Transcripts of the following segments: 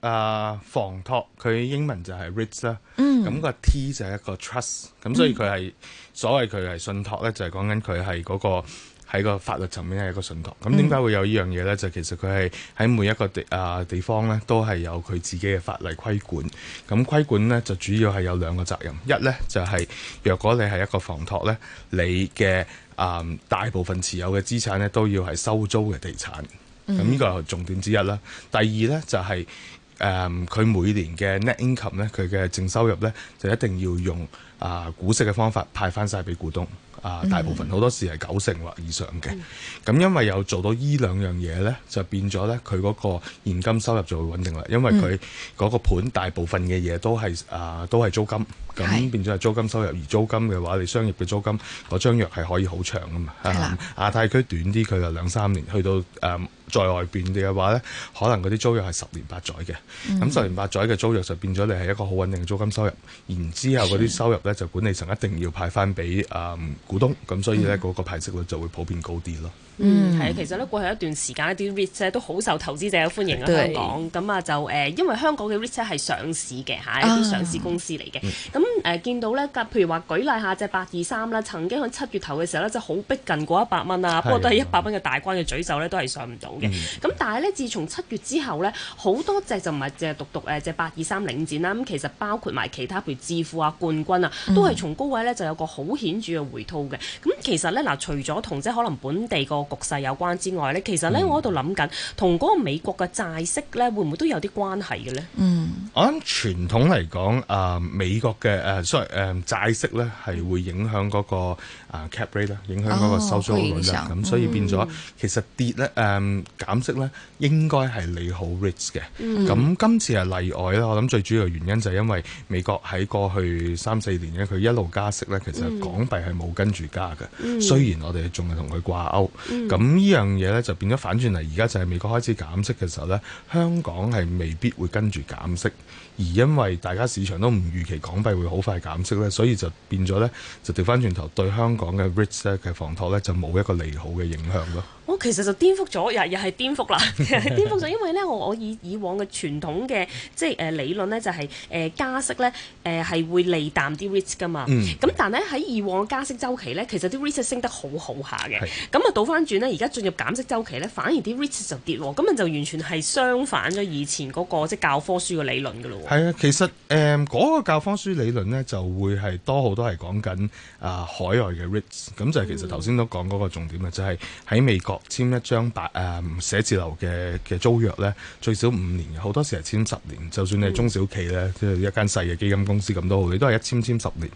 啊，房託佢英文就係 REITs 啦，咁個 T 就係一個 trust，咁所以佢係、嗯、所謂佢係信託咧，就係講緊佢係嗰個喺個法律層面係一個信託。咁點解會有這樣呢樣嘢咧？嗯、就其實佢係喺每一個地啊、呃、地方咧，都係有佢自己嘅法例規管。咁規管咧就主要係有兩個責任，一咧就係、是、若果你係一個房託咧，你嘅啊、呃、大部分持有嘅資產咧，都要係收租嘅地產。咁呢、嗯、個係重點之一啦。第二呢、就是，就係佢每年嘅 net income 呢，佢嘅淨收入呢，就一定要用啊、呃、股息嘅方法派翻晒俾股東。啊、呃，大部分好、嗯、多時係九成或以上嘅。咁、嗯、因為有做到依兩樣嘢呢，就變咗呢，佢嗰個現金收入就會穩定啦。因為佢嗰個盤大部分嘅嘢都係啊、呃、都係租金，咁變咗係租金收入。而租金嘅話，你商業嘅租金嗰租約係可以好長噶嘛的、嗯。亞太區短啲，佢就兩三年，去到、呃在外邊嘅話呢，可能嗰啲租約係十年八載嘅，咁、嗯、十年八載嘅租約就變咗你係一個好穩定嘅租金收入，然之後嗰啲收入呢，就管理層一定要派翻俾啊股東，咁所以呢，嗰個派息率就會普遍高啲咯。嗯，係啊、嗯，其實咧過去一段時間一啲 REIT 咧都好受投資者嘅歡迎啊，香港咁啊對就誒、呃，因為香港嘅 REIT 係上市嘅嚇，一啲、啊、上市公司嚟嘅。咁、嗯、誒、嗯呃、見到咧，譬如話舉例一下隻八二三啦，曾經喺七月頭嘅時候咧，即係好逼近過一百蚊啊，是的不過都係一百蚊嘅大關嘅詛咒咧，都係上唔到嘅。咁但係咧，自從七月之後咧，好多隻就唔係淨係獨獨誒隻八二三領展啦，咁其實包括埋其他譬如置富啊、冠君啊，都係從高位咧就有個好顯著嘅回吐嘅。咁、嗯、其實咧嗱、呃，除咗同即可能本地個局勢有關之外咧，其實咧我喺度諗緊，同嗰、嗯、個美國嘅債息咧，會唔會都有啲關係嘅咧？嗯，我諗傳統嚟講，啊、呃、美國嘅誒誒債息咧，係會影響嗰、那個啊 cap rate 啦，影響嗰個收租率咁、哦嗯、所以變咗，嗯、其實跌咧誒、呃、減息咧，應該係利好 REIT 嘅。咁今、嗯、次係例外啦。我諗最主要嘅原因就係因為美國喺過去三四年咧，佢一路加息咧，其實港幣係冇跟住加嘅。嗯、雖然我哋仲係同佢掛鈎。咁、嗯、呢樣嘢咧就變咗反轉嚟，而家就係美國開始減息嘅時候咧，香港係未必會跟住減息，而因為大家市場都唔預期港幣會好快減息咧，所以就變咗咧就掉翻轉頭對香港嘅 REIT 嘅房託咧就冇一個利好嘅影響咯。我、哦、其實就顛覆咗，又又係顛覆啦， 顛覆咗，因為咧我我以以往嘅傳統嘅即、呃、理論咧就係加息咧係、呃、會利淡啲 REIT 噶嘛。咁、嗯、但呢，喺以往嘅加息周期咧，其實啲 REIT 升得好好下嘅，咁啊倒翻。跟住呢，而家進入減息周期呢，反而啲 REITs 就跌喎，咁啊就完全係相反咗以前嗰、嗰個即係教科書嘅理論嘅咯。係啊，其實誒嗰、呃嗰個教科書理論呢，就會係多好多係講緊啊海外嘅 REITs 咁就係其實頭先都講嗰個重點啊，嗯、就係喺美國簽一張百誒寫字樓嘅嘅租約呢，最少五年，好多時係簽十年，就算你係中小企呢，即係、嗯、一間細嘅基金公司咁都好，你都係一簽簽十年。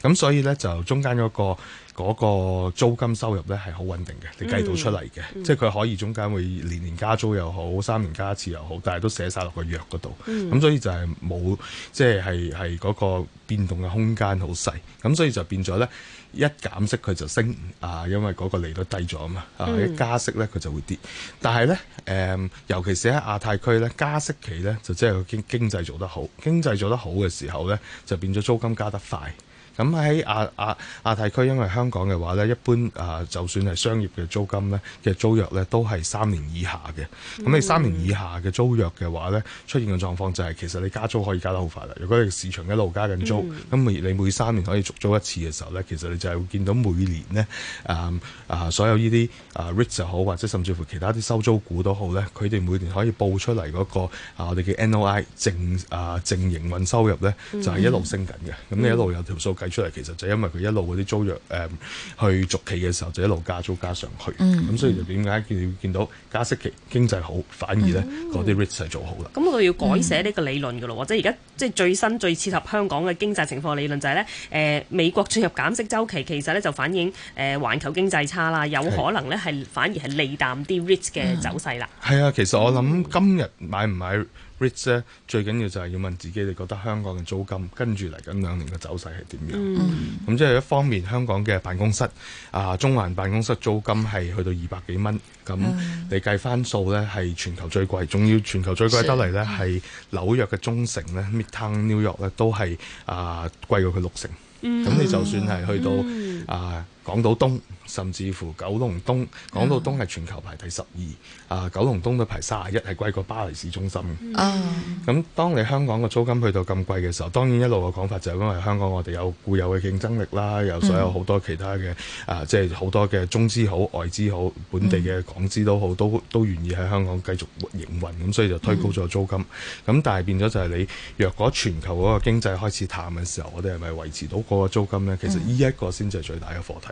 咁所以呢，就中間嗰、嗰個。嗰個租金收入呢係好穩定嘅，你計到出嚟嘅，嗯、即係佢可以中間會年年加租又好，三年加一次又好，但係都寫晒落個約嗰度。咁、嗯、所以就係冇即係係嗰個變動嘅空間好細。咁所以就變咗呢，一減息佢就升啊，因為嗰個利率低咗啊嘛。一加息呢，佢就會跌。嗯、但係呢、呃，尤其是喺亞太區呢，加息期呢，就即係經經濟做得好，經濟做得好嘅時候呢，就變咗租金加得快。咁喺亞亞亞太區，因為香港嘅話咧，一般啊，就算係商業嘅租金咧，其實租約咧都係三年以下嘅。咁、嗯、你三年以下嘅租約嘅話咧，出現嘅狀況就係、是、其實你加租可以加得好快啦。如果你市場一路加緊租，咁、嗯、你每三年可以續租一次嘅時候咧，其實你就係會見到每年呢、嗯、啊啊所有呢啲啊 REIT 就好，或者甚至乎其他啲收租股都好咧，佢哋每年可以報出嚟嗰、那個啊我哋嘅 NOI 淨啊淨、呃、營運收入咧，就係一路升緊嘅。咁你一路有條數。計出嚟其實就係因為佢一路嗰啲租約誒、嗯、去續期嘅時候就一路加租加上去，咁、嗯、所以就點解見見到加息期經濟好反而咧嗰啲 REITs 就做好啦。咁佢要改寫呢個理論噶咯，或者而家即係最新最切合香港嘅經濟情況理論就係咧誒美國進入減息周期，其實咧就反映誒環、呃、球經濟差啦，有可能咧係是反而係利淡啲 REITs 嘅走勢啦。係、嗯、啊，其實我諗今日買唔買？Rich，最緊要就係要問自己，你覺得香港嘅租金跟住嚟緊兩年嘅走勢係點樣？咁、嗯、即係一方面香港嘅辦公室啊，中環辦公室租金係去到二百幾蚊，咁你計返數呢，係全球最貴，仲要全球最貴得嚟呢係紐約嘅中城呢是 Midtown New York 呢都係啊貴過佢六成，咁你就算係去到啊。港島東甚至乎九龍東，港島東係全球排第十二、uh, 啊，啊九龍東都排三十一，係貴過巴黎市中心啊！咁、uh, 當你香港嘅租金去到咁貴嘅時候，當然一路嘅講法就係因為香港我哋有固有嘅競爭力啦，有所有好多其他嘅、uh, 啊，即係好多嘅中資好、外資好、本地嘅港資都好，uh, 都都願意喺香港繼續營運，咁所以就推高咗租金。咁、uh, 嗯、但係變咗就係你若果全球嗰個經濟開始淡嘅時候，我哋係咪維持到嗰個租金呢？其實呢一個先至係最大嘅課題。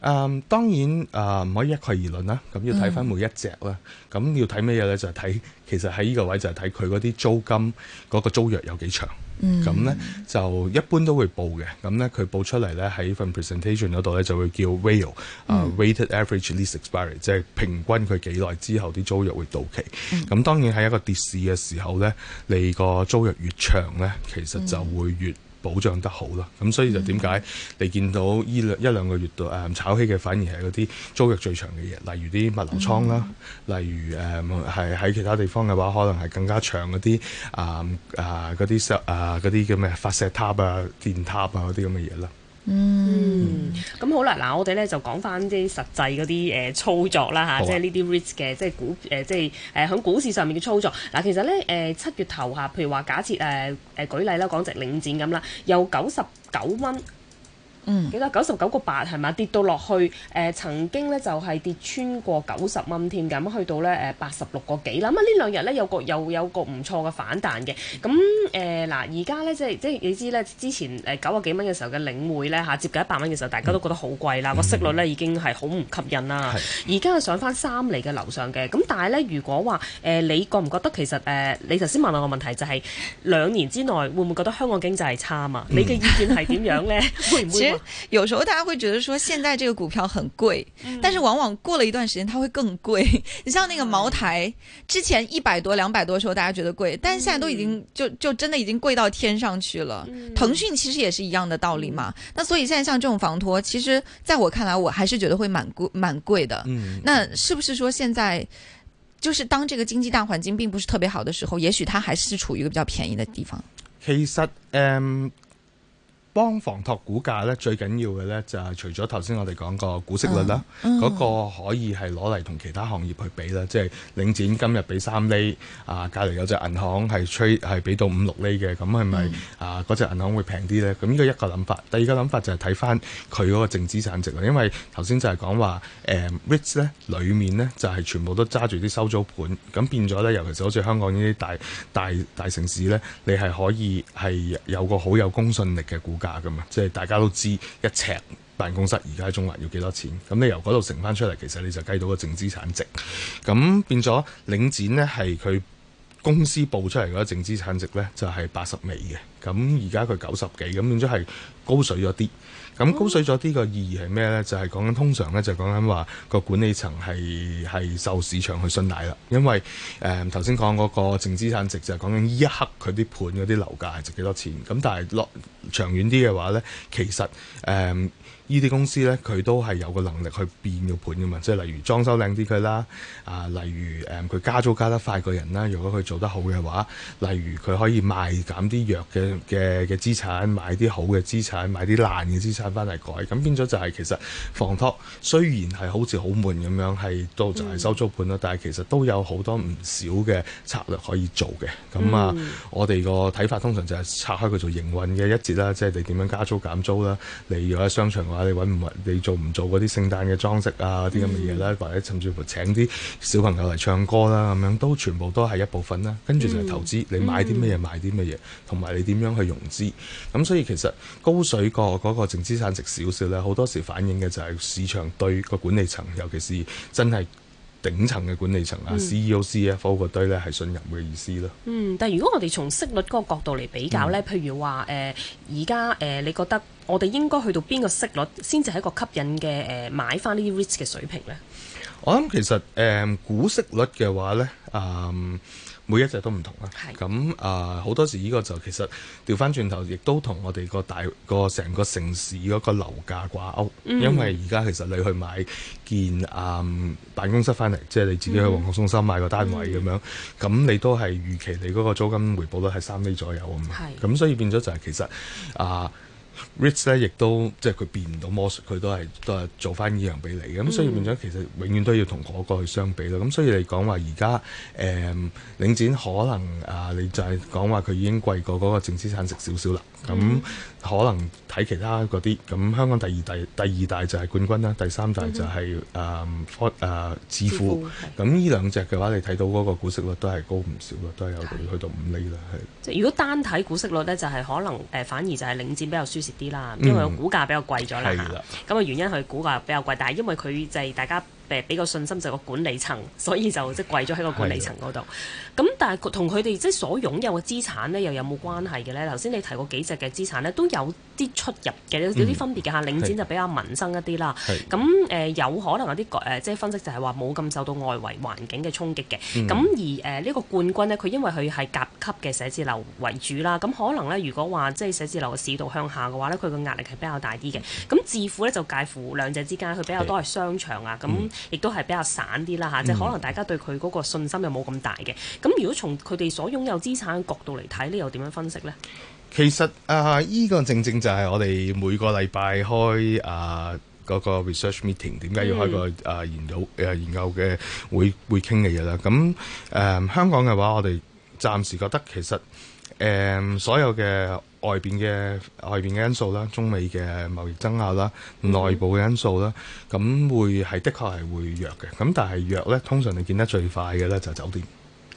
誒、um, 當然誒唔、嗯、可以一概而論啦，咁要睇翻每一隻啦。咁、嗯、要睇咩嘢咧？就係、係、睇其實喺呢個位置就係睇佢嗰啲租金嗰、嗰個租約有幾長。咁咧、嗯、就一般都會報嘅。咁咧佢報出嚟咧喺份 presentation 嗰度咧就會叫 rail,、嗯 uh, rate 啊，weighted average lease expiry，、嗯、即係平均佢幾耐之後啲租約會到期。咁、嗯、當然喺一個跌市嘅時候咧，你個租約越長咧，其實就會越保障得好啦，咁所以就點解你見到依兩一兩個月度誒、嗯、炒起嘅，反而係嗰啲租約最長嘅嘢，例如啲物流倉啦，例如誒係喺其他地方嘅話，可能係更加長嗰啲，啊啊嗰啲、啊、石啊嗰啲叫咩發射塔啊，電塔啊嗰啲咁嘅嘢啦。嗯，咁、嗯嗯、好啦，嗱，我哋咧就講翻即實際嗰啲誒操作啦吓，啊、即係呢啲 REIT 嘅即係股即係誒喺股市上面嘅操作嗱，其實咧誒七月頭下，譬如話假設誒誒舉例啦，講直領展咁啦，有九十九蚊。嗯，幾多九十九個八係咪跌到落去，誒、呃、曾經咧就係、是、跌穿過九十蚊添，咁去到咧八十六個幾啦。咁啊呢兩日咧有個又有，有個唔錯嘅反彈嘅。咁誒嗱，而家咧即係即係你知咧，之前九啊幾蚊嘅時候嘅領匯咧嚇接近一百蚊嘅時候，大家都覺得好貴啦，個、嗯、息率咧已經係好唔吸引啦。而家係上翻三釐嘅樓上嘅。咁但係咧，如果話誒、呃、你覺唔覺得其實誒、呃、你頭先問我個問題就係、是、兩年之內會唔會覺得香港經濟係差啊？嗯、你嘅意見係點樣咧？ 會唔會？欸、有時候大家會覺得說現在這個股票很貴，嗯、但是往往過了一段時間它會更貴。你 像那個茅台，哇之前一百多、兩百多的時候大家覺得貴，但現在都已經就、嗯、就，就真的已經貴到天上去了。騰訊、嗯、其實也是一樣的道理嘛。那所以現在像這種房託，其實在我看來我還是覺得會蠻貴、蠻貴的。嗯、那是不是說現在就是當這個經濟大環境並不是特別好的時候，也許它還是處於一個比較便宜的地方？其實，嗯、呃。幫房托股價咧最緊要嘅咧就係除咗頭先我哋講個股息率啦，嗰、嗯嗯、個可以係攞嚟同其他行業去比啦，即、就、係、是、領展今日俾三厘，啊隔離有隻銀行係吹係俾到五六厘嘅，咁係咪啊嗰隻銀行會平啲咧？咁呢個一個諗法，第二個諗法就係睇翻佢嗰個淨資產值啊，因為頭先就係講話誒 REIT 咧裏面呢就係、是、全部都揸住啲收租盤，咁變咗咧，尤其是好似香港呢啲大大大城市咧，你係可以係有個好有公信力嘅股價噶嘛，即係大家都知一尺辦公室而家中環要幾多錢？咁你由嗰度乘翻出嚟，其實你就計到個淨資產值。咁變咗領展呢，係佢公司報出嚟嗰個淨資產值呢，就係八十尾嘅。咁而家佢九十幾，咁變咗係高水咗啲。咁高水咗啲個意義係咩咧？就係講緊通常咧，就講緊話個管理層係係受市場去信賴啦。因為誒頭先講嗰個淨資產值就係講緊呢一刻佢啲盤嗰啲樓價係值幾多錢。咁但係落長遠啲嘅話咧，其實誒。呃呢啲公司呢，佢都係有個能力去變個盤嘅嘛，即係例如裝修靚啲佢啦，啊，例如誒，佢、嗯、加租加得快個人啦，如果佢做得好嘅話，例如佢可以賣減啲弱嘅嘅嘅資產，買啲好嘅資產，買啲爛嘅資產翻嚟改，咁變咗就係其實房託雖然係好似好悶咁樣，係都就係收租盤啦，嗯、但係其實都有好多唔少嘅策略可以做嘅。咁啊，嗯、我哋個睇法通常就係拆開佢做營運嘅一節啦，即係你點樣加租減租啦，例如喺商場嘅話，你揾唔埋？你做唔做嗰啲聖誕嘅裝飾啊？啲咁嘅嘢啦，嗯、或者甚至乎請啲小朋友嚟唱歌啦，咁樣都全部都係一部分啦。跟住就係投資，你買啲咩嘢，嗯、買啲咩嘢，同埋你點樣去融資。咁所以其實高水國嗰、嗰個淨資產值少少咧，好多時反映嘅就係市場對個管理層，尤其是真係。頂層嘅管理層啊、嗯、CEO、CFO 嗰堆咧係信任嘅意思咯。嗯，但係如果我哋從息率嗰個角度嚟比較呢，嗯、譬如話誒，而家誒，你覺得我哋應該去到邊個息率先至係一個吸引嘅誒、呃、買翻呢啲 risk 嘅水平呢？我諗其實誒、呃、股息率嘅話呢。啊、嗯。每一隻都唔同啦，咁啊好多時呢個就其實調翻轉頭，亦都同我哋個大個成個城市嗰個樓價掛鈎，嗯。因為而家其實你去買件啊、嗯、辦公室翻嚟，即係你自己去旺角中心買個單位咁樣，咁、嗯、你都係預期你嗰個租金回報率係三厘左右啊嘛，咁是所以變咗就係其實啊。呃 Rich 咧亦都即係佢變唔到魔術，佢都係都係做翻呢樣俾你嘅。咁、嗯、所以變咗其實永遠都要同嗰個去相比。咁所以你講話而家誒，領展可能啊，你就係講話佢已經貴過嗰個淨資產值少少啦，咁。嗯可能睇其他嗰啲咁，咁香港第二第第二大就係冠軍啦，第三大就係、是、誒、嗯哼嗯、科致富。咁、啊、呢兩隻嘅話，你睇到嗰個股息率都係高唔少咯，都係有去到，到五厘啦，係。即係是是如果單睇股息率咧，就係、是、可能誒、呃、反而就係領展比較輸蝕啲啦，因為個股價比較貴咗啦嚇。咁嘅、嗯、原因係股價比較貴，但係因為佢就係大家。誒比較信心就個管理層，所以就即係貴咗喺個管理層嗰度。咁 的但係同佢哋即係所擁有嘅資產咧，又有冇關係嘅咧？頭先你提過幾隻嘅資產咧，都有啲出入嘅，嗯、有啲分別嘅嚇。領展就比較民生一啲啦。咁誒的、呃、有可能有啲誒，即、呃、係分析就係話冇咁受到外圍環境嘅衝擊嘅。咁、嗯、而誒呢、呃這個冠君咧，佢因為佢係甲級嘅寫字樓為主啦。咁可能咧，如果話即係寫字樓嘅市道向下嘅話咧，佢嘅壓力係比較大啲嘅。咁置富咧就介乎兩者之間，佢比較多係商場啊咁。亦都係比較散啲啦嚇，即係可能大家對佢嗰個信心又冇咁大嘅。咁如果從佢哋所擁有資產嘅角度嚟睇，你又點樣分析呢？其實啊，依、呃這個正正就係我哋每個禮拜開啊嗰、呃那個 research meeting，點解要開個啊研究誒、嗯、研究嘅會會傾嘅嘢啦？咁誒、呃、香港嘅話，我哋暫時覺得其實誒、呃、所有嘅。外邊嘅外邊嘅因素啦，中美嘅貿易爭拗啦，內部嘅因素啦，咁、mm hmm. 會係的確係會弱嘅。咁但係弱呢，通常你見得最快嘅呢就係酒店，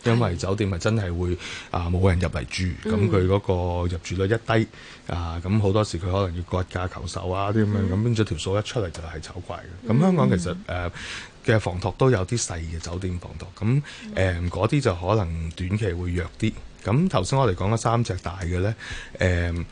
因為酒店咪真係會啊冇、呃、人入嚟住，咁佢嗰個入住率一低啊，咁、呃、好多時佢可能要割價求售啊啲咁、mm hmm. 樣，咁拎咗條數一出嚟就係醜怪嘅。咁香港其實誒嘅、mm hmm. 呃、房託都有啲細嘅酒店房託。咁誒嗰啲就可能短期會弱啲。咁頭先我哋講咗三隻大嘅咧，誒、嗯、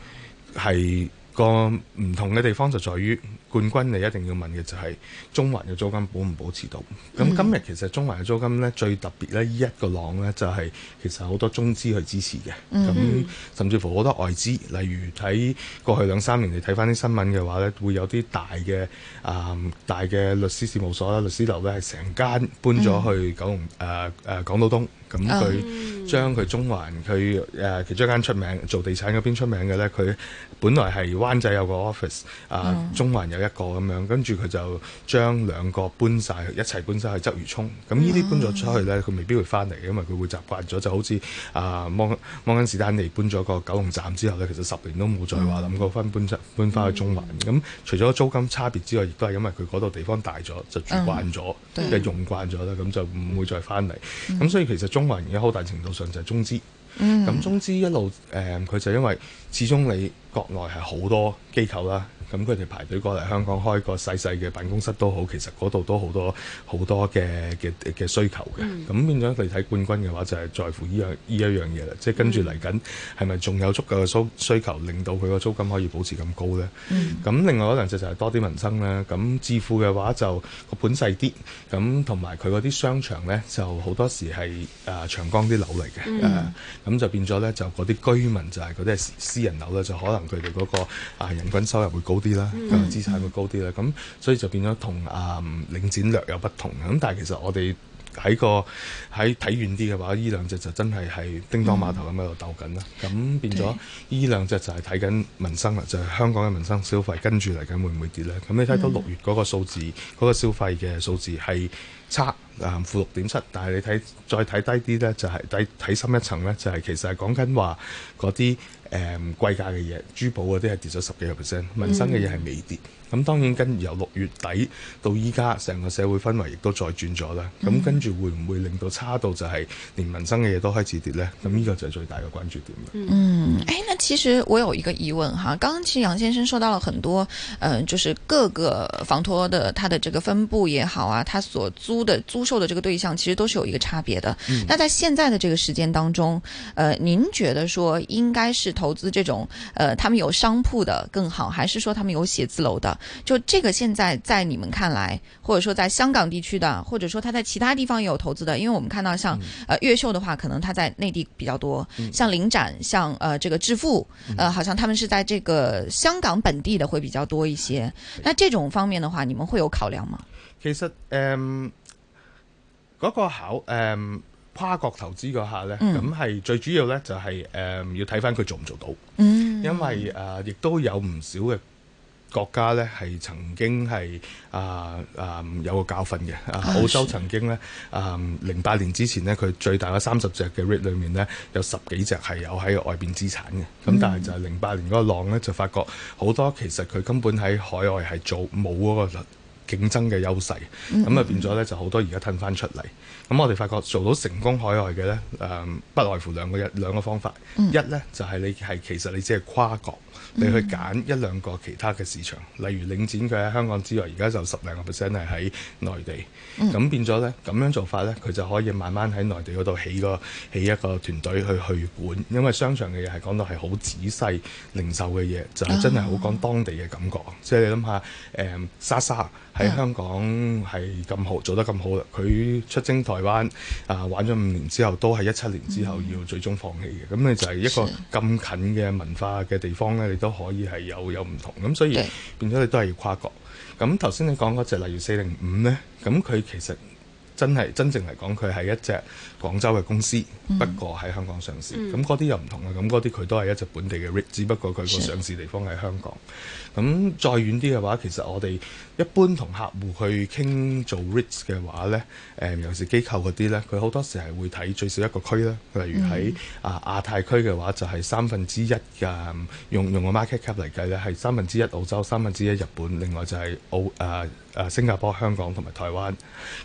係個唔同嘅地方就在於。冠軍你一定要問嘅就係中環嘅租金保唔保持到？咁、mm hmm. 今日其實中環嘅租金呢，最特別呢，依一個浪呢，就係、是、其實好多中資去支持嘅，咁、mm hmm. 甚至乎好多外資，例如睇過去兩三年你睇翻啲新聞嘅話呢，會有啲大嘅啊、呃、大嘅律師事務所啦、律師樓呢，係成間搬咗去九龍誒誒、mm hmm. 呃呃、港島東，咁佢將佢中環佢誒、呃、其中一間出名做地產嗰邊出名嘅呢，佢本來係灣仔有個 office 啊、呃，mm hmm. 中環有。一個咁樣，跟住佢就將兩個搬晒，一齊搬晒去鰂魚涌。咁呢啲搬咗出去呢，佢未必會翻嚟，因為佢會習慣咗，就好似啊，摩摩根士丹尼搬咗個九龍站之後呢，其實十年都冇再話諗過分搬出、嗯、搬翻去中環。咁除咗租金差別之外，亦都係因為佢嗰度地方大咗，就住慣咗，即係、嗯、用慣咗啦，咁就唔會再翻嚟。咁、嗯、所以其實中環而家好大程度上就係中資。嗯，咁中資一路誒，佢、呃、就因為始終你。國內係好多機構啦，咁佢哋排隊過嚟香港開個細細嘅辦公室都好，其實嗰度都好多好多嘅嘅嘅需求嘅。咁、嗯、變咗嚟睇冠軍嘅話，就係在乎呢樣呢一樣嘢啦，嗯、即係跟住嚟緊係咪仲有足夠嘅需求，令到佢個租金可以保持咁高咧？咁、嗯、另外可能就就係多啲民生啦。咁置富嘅話就個本細啲，咁同埋佢嗰啲商場咧就好多時係誒長江啲樓嚟嘅，咁、嗯啊、就變咗咧就嗰啲居民就係嗰啲係私人樓咧，就可能。佢哋嗰個啊人均收入會高啲啦，咁啊資產會高啲啦，咁、嗯、所以就變咗同啊領展略有不同，咁但係其實我哋喺個喺睇遠啲嘅話，呢兩隻就真係係叮噹碼頭咁喺度鬥緊啦，咁、嗯、變咗呢兩隻就係睇緊民生啦，就係、是、香港嘅民生消費跟住嚟緊會唔會跌咧？咁你睇到六月嗰個數字，嗰、嗯、個消費嘅數字係。七啊、嗯，負六點七，就是，但係你睇再睇低啲咧，就係睇睇深一層咧，就係其實係講緊話嗰啲誒貴價嘅嘢，珠寶嗰啲係跌咗十幾個 percent，民生嘅嘢係未跌。咁當然跟由六月底到依家，成個社會氛圍亦都再轉咗啦。咁跟住會唔會令到差到就係連民生嘅嘢都開始跌呢？咁呢個就係最大嘅關注點啦。嗯，誒、欸，那其實我有一個疑問哈，剛剛其實楊先生說到了很多，嗯、呃，就是各個房託的它的這個分布也好啊，它所租的租售的這個對象其實都是有一個差別的。嗯，那在現在的這個時間當中，呃，您覺得說應該是投資這種，呃，他們有商鋪的更好，還是說他們有寫字樓的？就這個，現在在你們看來，或者說在香港地區的，或者說他在其他地方也有投資的，因為我們看到像，嗯、呃，越秀的話，可能他在內地比較多，嗯、像領展，像，呃，這個置富，嗯、呃，好像他們是在這個香港本地的會比較多一些。嗯、那這種方面的話，你們會有考量嗎？其實，誒、呃，嗰、那個考、呃，跨國投資嗰下呢，咁係、嗯、最主要呢，就係、是，誒、呃，要睇翻佢做唔做到，嗯，因為，誒、呃，亦都有唔少嘅。國家咧係曾經係啊啊有個教訓嘅，澳洲曾經呢，啊零八年之前呢，佢最大嘅三十隻嘅 REIT 裏面呢，有十幾隻係有喺外邊資產嘅，咁、嗯、但係就係零八年嗰個浪呢，就發覺好多其實佢根本喺海外係做冇嗰個競爭嘅優勢，咁啊、嗯、變咗呢，就好多而家吞翻出嚟。咁我哋發覺做到成功海外嘅呢，誒、呃、不外乎兩個一兩個方法，嗯、一呢，就係、是、你係其實你只係跨國，你去揀一兩個其他嘅市場，嗯、例如領展佢喺香港之外，而家就十零個 percent 係喺內地，咁、嗯、變咗呢，咁樣做法呢，佢就可以慢慢喺內地嗰度起個起一個團隊去去管，因為商場嘅嘢係講到係好仔細，零售嘅嘢就係、是、真係好講當地嘅感覺。即係、啊、你諗下、嗯，莎莎喺香港係咁好、嗯、做得咁好啦，佢出征台灣啊、呃、玩咗五年之後，都係一七年之後要最終放棄嘅。咁你就係一個咁近嘅文化嘅地方咧。都可以係有有唔同咁，所以變咗你都係要跨國。咁頭先你講嗰隻，例如四零五咧，咁佢其實真係真正嚟講，佢係一隻。廣州嘅公司，嗯、不過喺香港上市，咁嗰啲又唔同啦。咁嗰啲佢都係一隻本地嘅 REIT，只不過佢個上市地方喺香港。咁再遠啲嘅話，其實我哋一般同客戶去傾做 REIT 嘅話咧，誒尤其是機構嗰啲咧，佢好多時係會睇最少一個區啦。例如喺啊亞太區嘅話就係、是、三分之一嘅用用個 market cap 嚟計咧，係三分之一澳洲、三分之一日本，另外就係澳誒誒、啊啊、新加坡、香港同埋台灣，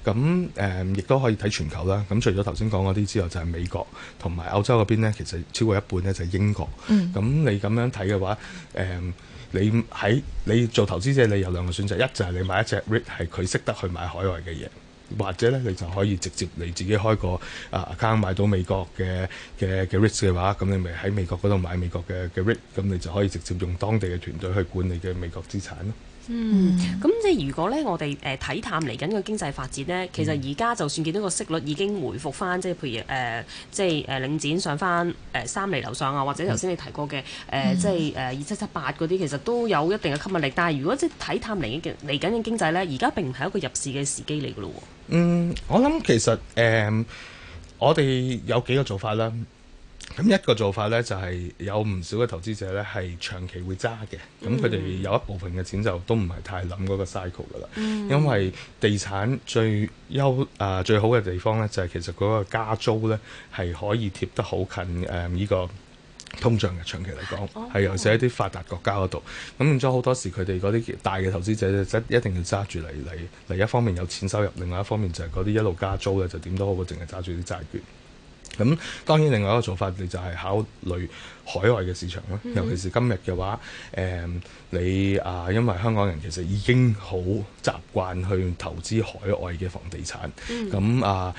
咁誒亦都可以睇全球啦。咁除咗頭先。香港嗰啲之後就係美國同埋歐洲嗰邊呢，其實超過一半呢就係英國。咁、嗯、你咁樣睇嘅話，誒、呃，你喺你做投資者，你有兩個選擇，一就係你買一隻 REIT 係佢識得去買海外嘅嘢，或者呢，你就可以直接你自己開個啊 account 買到美國嘅嘅嘅 REIT 嘅話，咁你咪喺美國嗰度買美國嘅嘅 REIT，咁你就可以直接用當地嘅團隊去管理嘅美國資產咯。嗯，咁即係如果咧，我哋誒睇探嚟緊個經濟發展呢，其實而家就算見到個息率已經回復翻，即係譬如誒、呃，即係誒領展上翻誒、呃、三厘樓上啊，或者頭先你提過嘅誒，呃嗯、即係誒二七七八嗰啲，其實都有一定嘅吸引力。但係如果即係睇探嚟緊嘅嚟緊嘅經濟呢，而家並唔係一個入市嘅時機嚟嘅咯。嗯，我諗其實誒、呃，我哋有幾個做法啦。咁一個做法咧，就係、是、有唔少嘅投資者咧，係長期會揸嘅。咁佢哋有一部分嘅錢就都唔係太諗嗰個 cycle 噶啦。嗯、因為地產最優、呃、最好嘅地方咧，就係、是、其實嗰個加租咧，係可以貼得好近呢、嗯這個通脹嘅長期嚟講，係、哦、尤其一啲發達國家嗰度。咁變咗好多時，佢哋嗰啲大嘅投資者咧，一一定要揸住嚟嚟嚟。一方面有錢收入，另外一方面就係嗰啲一路加租咧，就點都好過淨係揸住啲債券。咁當然，另外一個做法，你就係考慮海外嘅市場咯，尤其是今日嘅話，嗯嗯、你啊，因為香港人其實已經好習慣去投資海外嘅房地產，咁、嗯、啊，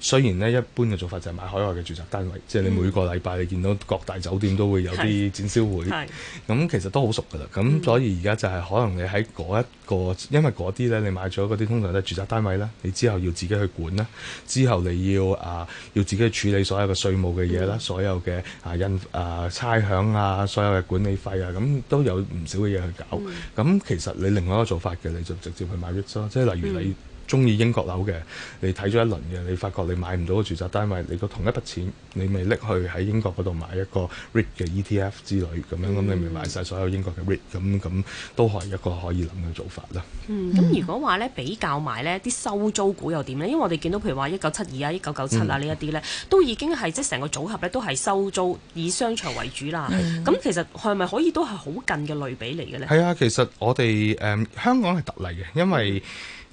雖然呢，一般嘅做法就係買海外嘅住宅單位，嗯、即係你每個禮拜你見到各大酒店都會有啲展銷會，咁其實都好熟㗎喇，咁、嗯、所以而家就係可能你喺嗰一個，因為嗰啲呢，你買咗嗰啲通常都係住宅單位啦，你之後要自己去管啦，之後你要啊要自己去處理所有嘅稅務嘅嘢啦，嗯、所有嘅啊啊，印啊猜享啊，所有嘅管理費啊，咁都有唔少嘅嘢去搞。咁的其實你另外一個做法嘅，你就直接去買 REIT 咯，即係例如你。嗯中意英國樓嘅，你睇咗一輪嘅，你發覺你買唔到個住宅單位，你個同一筆錢，你咪拎去喺英國嗰度買一個 REIT 嘅 ETF 之類咁樣，咁、嗯、你咪買晒所有英國嘅 REIT，咁咁都係一個可以諗嘅做法啦。咁、嗯、如果話呢比較埋呢啲收租股又點呢？因為我哋見到譬如話一九七二啊、一九九七啊呢一啲呢，嗯、都已經係即係成個組合呢都係收租以商場為主啦。咁、嗯、其實係咪可以都係好近嘅類比嚟嘅呢？係啊、嗯，其實我哋誒、嗯、香港係特例嘅，因為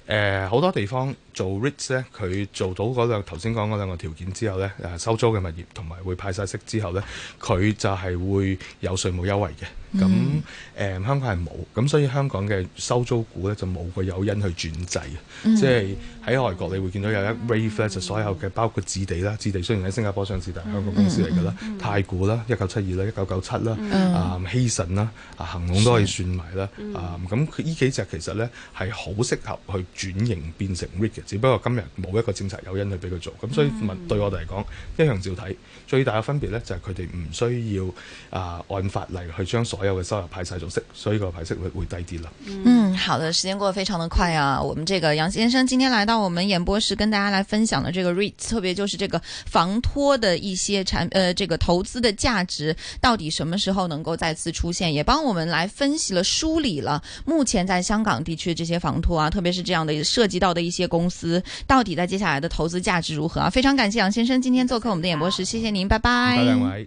誒好多地方。做 REITs 咧，佢做到嗰兩個頭先講嗰兩個條件之後咧、呃，收租嘅物業同埋會派晒息之後咧，佢就係會有稅務優惠嘅。咁、嗯嗯、香港係冇，咁所以香港嘅收租股咧就冇個誘因去轉制。嗯、即係喺外國，你會見到有一 REITs 呢，就所有嘅包括置地啦，置地雖然喺新加坡上市，但係香港公司嚟㗎啦，嗯嗯、太古啦，一九七二啦，一九九七啦，嗯、啊希慎啦，是嗯、啊恆隆都可以算埋啦，啊咁呢幾隻其實咧係好適合去轉型變成 REITs 嘅。只不過今日冇一個政策誘因去俾佢做，咁所以對我哋嚟講一樣照睇。最大嘅分別呢，就係佢哋唔需要啊按法例去將所有嘅收入派晒做息，所以個派息會會低啲啦。嗯，好的，時間過得非常的快啊！我們這個楊先生今天來到我們演播室，跟大家來分享了這個 REIT，特別就是這個房託的一些產，呃，這個投資的價值到底什麼時候能夠再次出現？也幫我們來分析了、梳理了目前在香港地區的這些房託啊，特別是這樣的涉及到的一些公司。到底在接下來的投資價值如何啊？非常感謝楊先生今天做客我們的演播室，謝謝您，拜拜。拜拜。